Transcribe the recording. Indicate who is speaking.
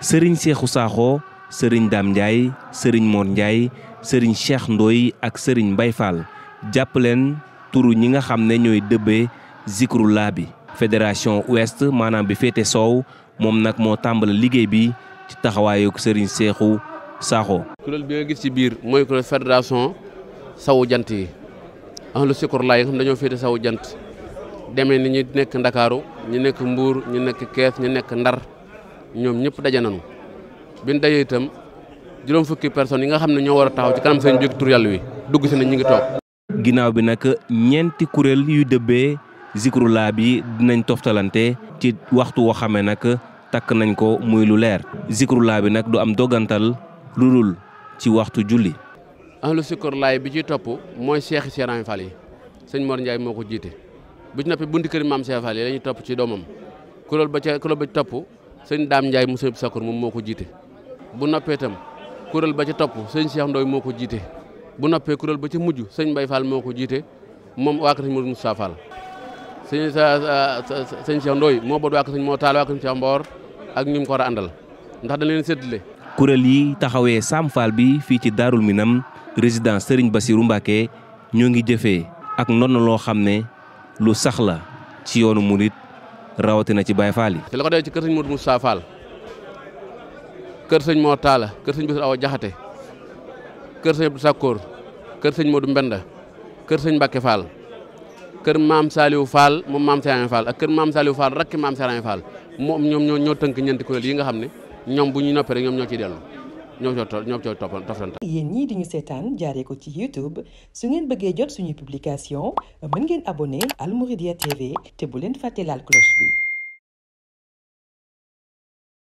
Speaker 1: sëriñ Seexu Saaxo sëriñ daam Ndiaye sëriñ Mor Ndiaye sëriñ Cheikh Ndoy ak sëriñ Mbay Fall jàpp leen turu ñi nga xam ne ñooy dëbbee Zikrullah bi. fédération ouest maanaam bi féete soow moom nag moo tàmbali liggéey bi ci taxawaayu sëriñ Seexu Saaxo.
Speaker 2: kuréel bi nga gis ci biir mooy kuréel fédération sawu jant yi ahlu Zikrullah yi nga xam dañoo féete sawu jant deme ni ñu nekk Ndakaaru ñu nekk Mbuur ñu nekk Kees ñu nekk Ndar. ñoom ñëpp daje nañu bi ñu dajee itam juróom fukki personnes yi nga xam ne ñoo war a taxaw ci kanam seen jóg tur yàlla wi dugg si na ñu ngi toog. ginnaaw bi nag ñeenti kuréel yu dëbbee zikrulaa bi dinañ toftalante ci
Speaker 1: waxtu woo xamee nag takk nañ ko muy lu leer zikrulaa bi nag du am dogantal lu dul ci waxtu julli.
Speaker 2: ahlu zikrulaay bi ciy topp mooy seexi Serigne Fall yi sëñ Mor Ndiaye moo ko jiite bu ci noppi bunti kër maam Serigne yi la topp ci dooma sëñ Daam Ndiaye mu sëñ Sakur moom moo ko jiite bu noppee itam kuréel ba ca topp sëñ Cheikh Ndoy moo ko jiite bu noppee kuréel ba ca mujj sëñ Mbay Fall moo ko jiite moom waa kër sëñ Moussa Fall sëñ sa sëñ Cheikh Ndoy moo boot waa kër sëñ moo taal waa kër sëñ Cheikh Mboor ak ñu mu ko war a àndal ndax dañ leen séddale.
Speaker 1: kuréel yi taxawee Sam Fall bi fii ci Daarul Minam résidence Serigne Bassirou Mbacké ñoo ngi jëfee ak noonu loo xam ne lu sax la ci yoonu murit rawatina ci Baye Fall
Speaker 2: yi. te la ko defee ci kër sëñ Modou Moussa Fall kër sëñ Mor Talla kër sëñ Awa Jaxate kër sëñ Abdou Sakkoor kër sëñ Modou Mbenda kër sëñ Mbacke Fall kër maam Saliou Fall moom maam Serigne Fall ak kër maam Saliou Fall rakki maam Serigne Fall moom ñoom ñoo ñoo tënk ñeenti kuréel yi nga xam ne ñoom bu ñu noppee rek ñoom ñoo ciy dellu. ñoo co ñoo cooy topp toftan
Speaker 1: yéen ñii di ñu seetaan jaaree ko ci YouTube su ngeen bëggee jot suñu publication mën ngeen abonné Al Mouridiyyah TV te bu leen fàtte laal cloche bi